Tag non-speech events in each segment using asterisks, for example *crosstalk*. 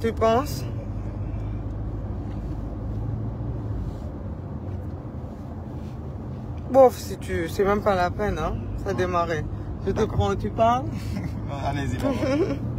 Tu penses Bof, si tu. C'est même pas la peine, hein. Ça a démarré. Je te prends, tu parles *laughs* Allez-y, *laughs*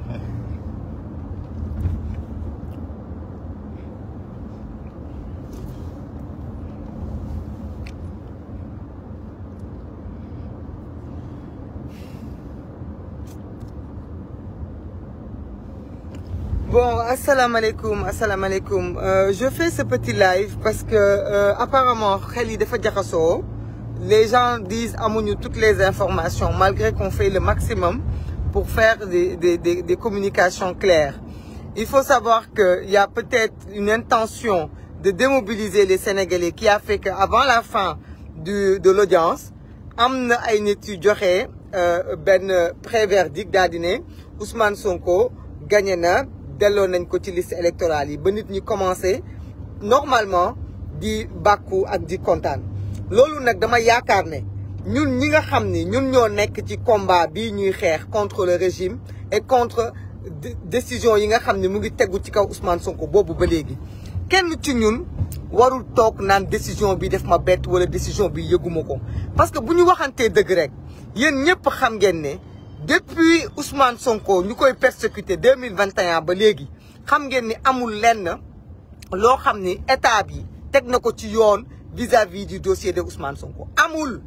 Bon, assalamu alaikum, assalamu alaikum. Euh, je fais ce petit live parce que euh, apparemment, les gens disent à toutes les informations, malgré qu'on fait le maximum pour faire des, communications claires. Il faut savoir qu'il y a peut-être une intention de démobiliser les Sénégalais qui a fait qu'avant la fin de l'audience, Amna étude Djoré, euh, Ben Préverdic d'Adine, Ousmane Sonko, Gagnéna delloo nañ ko ci liste électorale yi ba nit ñi commencé normalement di bàkku ak di kontaan lolo nak dama yakarne. ne ñun ñi nga xam ni ñun ñoo nekk ci combat bi ñuy xeex contre le régime et contre décision yi nga xam mugi mu ngi ci kaw Ousmane Sonko bobu ba légui. kenn ci ñun warul tok naan décision bi def ma bête wala décision bi yëguma ko parce que buñu ñu deug rek yeen ñepp xam ngeen depuis Ousmane Sonko nous avons persécuté en 2021. vingt et un ba léegi xam ngeen ni amul lenn vis-à-vis du dossier de Ousmane Sonko Amoul,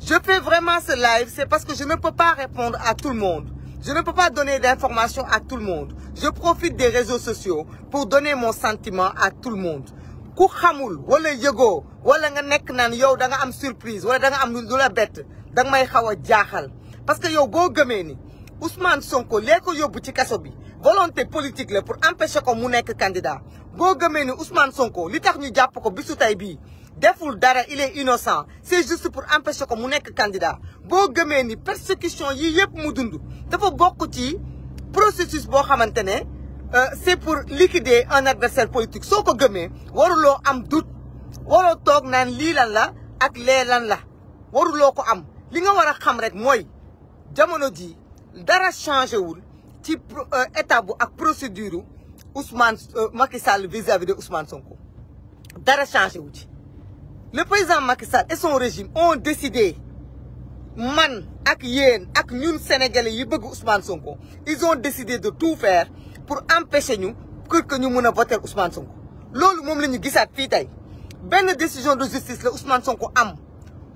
je fais vraiment ce live c'est parce que je ne peux pas répondre à tout le monde je ne peux pas donner d'informations à tout le monde je profite des réseaux sociaux pour donner mon sentiment à tout le monde. ku xamul wala yëgoo wala nga nek nan yow da nga am surprise wala da nga am lu bête, bett may xaw parce que yow go gëmee ni Ousmane Sonko lee ko yóbbu ci kasso bi volonté politique le pour empêcher ko mu nek candidat go gëmee ni Ousmane Sonko li tax ñu japp ko bisu tay bi deful dara il est innocent c'est juste pour empêcher ko mu nek candidat boo gëmee ni persécution yi yëpp mu dund dafa bokk ci processus bo xamantene euh, c'est pour liquider un adversaire politique soko ko gëmee waruloo am doute waro tok nan li lan la ak lee lan la waruloo ko am li nga wara xam rek moy jamono ji dara changé wul ci euh, état bu ak procédure Ousmane euh, Macky Sall vis-à-vis de Ousmane Sonko dara changé wu le président Macky Sall et son régime ont décidé man ak yéen ak ñun sénégalais yi bëgg Ousmane Sonko ils ont décidé de tout faire pour empêcher ñu que ñu votions voter Ousmane Sonko loolu mom lañu nous fi tay ben décision de justice le Ousmane Sonko am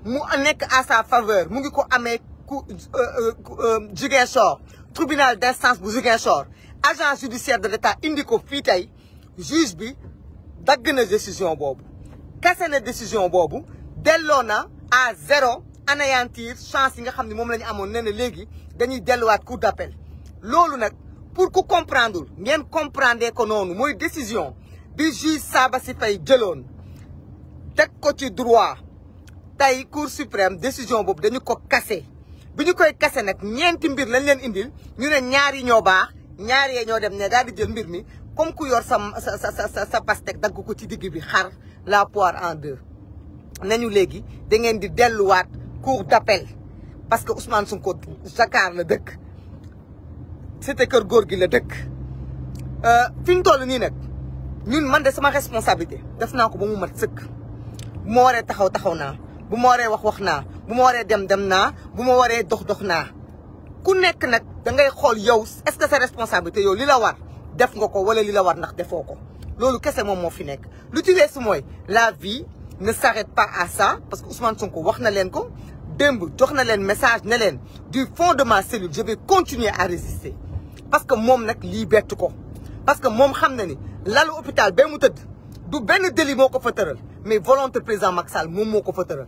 mu nek à sa faveur mu ngi ko amé ku euh, euh, euh, Ziguinchor tribunal d'instance bu Ziguinchor agent judiciaire de l'État indique au fii juge bi décision na décision boobu kese la décision boobu delloo na à zéro anéantir chance yi nga xam ne moom la ñu amoon ne ne léegi dañuy delluwaat cour d'appel loolu nag pour ku comprendre ngeen comprendre que noonu mooy décision du juge sabassi fay jëloon teg ko ci droit tey cour suprême décision boobu dañu ko kase bu ñu koy kase nag ñeenti mbir lañ leen indil ñu ne ñaari ñoo baax ñaar yee ñoo dem ne daal di jël mbir mi comme ku yor sa sa sa sa sa pastèque ko ci digg bi xar la poir en deux. nañu léegi da ngeen di delluwaat cour d'appel parce que Ousmane Sonko Dakar la dëkk c'était kër góor gi la dëkk euh, fi ñu toll nii nekk ñun man de sama responsabilité def naa ko ba mu mat sëkk moo waree taxaw taxaw naa. bu ma waree wax waxna naa bu ma waree dem demna naa bu ma waree dox doxna ku nek nak da ngay xol yow est-ce que c'est responsabilité yow lila war def nga ko wala lila war nak defoko lolou kessé mom mo fi nek lu ci weesu mooy la vie ne s'arrête pas à ça parce que Ousmane Sonko wax na leen ko démb jox na leen message ne leen du fond de ma cellule je vais continuer à résister parce que mom nak lii bett ko parce que mom xam ni lalu hôpital be mu teud du ben délit moko ko fa tëral mais volonté président Macky Sall moom moo fa tëral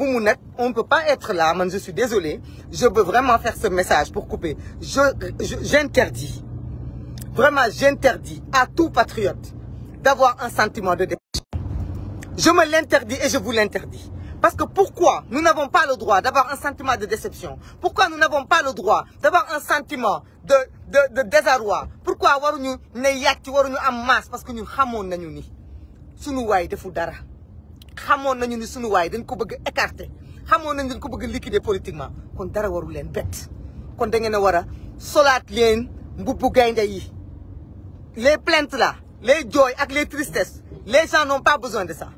on ne peut pas être là. je suis désolé Je veux vraiment faire ce message pour couper. J'interdis, vraiment j'interdis à tout patriote d'avoir un sentiment de déception. Je me l'interdis et je vous l'interdis. Parce que pourquoi nous n'avons pas le droit d'avoir un sentiment de déception Pourquoi nous n'avons pas le droit d'avoir un sentiment de, désarroi Pourquoi nous avons une masse Parce que nous savons que nous xamoon nañu ni sunu waay dañ ko bëgg ko bëgg liquider politiquement kon dara waru leen kon ngeen les plaintes là les joies et les tristesses les gens n'ont pas besoin de ça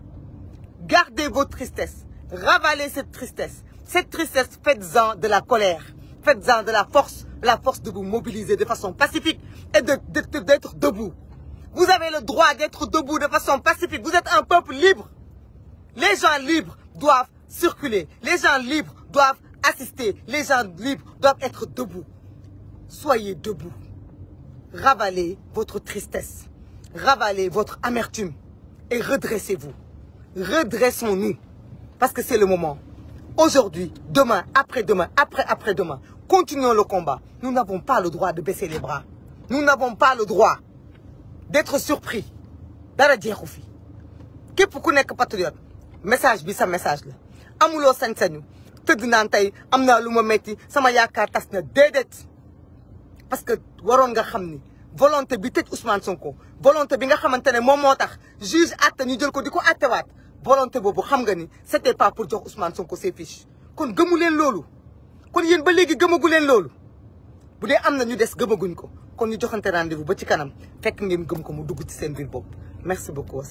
gardez vos tristesses ravalez cette tristesse cette tristesse faites-en de la colère faites-en de la force la force de vous mobiliser de façon pacifique et de d'être debout vous avez le droit d'être debout de façon pacifique vous êtes un peuple libre les gens libres doivent circuler. Les gens libres doivent assister. Les gens libres doivent être debout. Soyez debout. Ravalez votre tristesse. Ravalez votre amertume. Et redressez-vous. Redressons-nous. Parce que c'est le moment. Aujourd'hui, demain, après-demain, après-après-demain. Continuons le combat. Nous n'avons pas le droit de baisser les bras. Nous n'avons pas le droit d'être surpris. dara jeexu Qui pour connaître que patriote message bi sa message la Amulo sañ-sañu teud nan tay amna luma metti sama yaakaar tasna dedet parce que waronga nga xamni volonté bi tej Ousmane Sonko volonté bi nga xamantene ne juge àtte ñu jël ko diko volonté bobu xam nga ni c'était pas pour jox Ousmane Sonko ses fiches kon gëmu leen loolu kon yeen ba légui gëmagu leen loolu bu ñu dess gëmaguñ ko kon ñu joxante rendez-vous ba ci kanam fekk ngeen gëm ko mu dugg ci sen bir bop merci beaucoup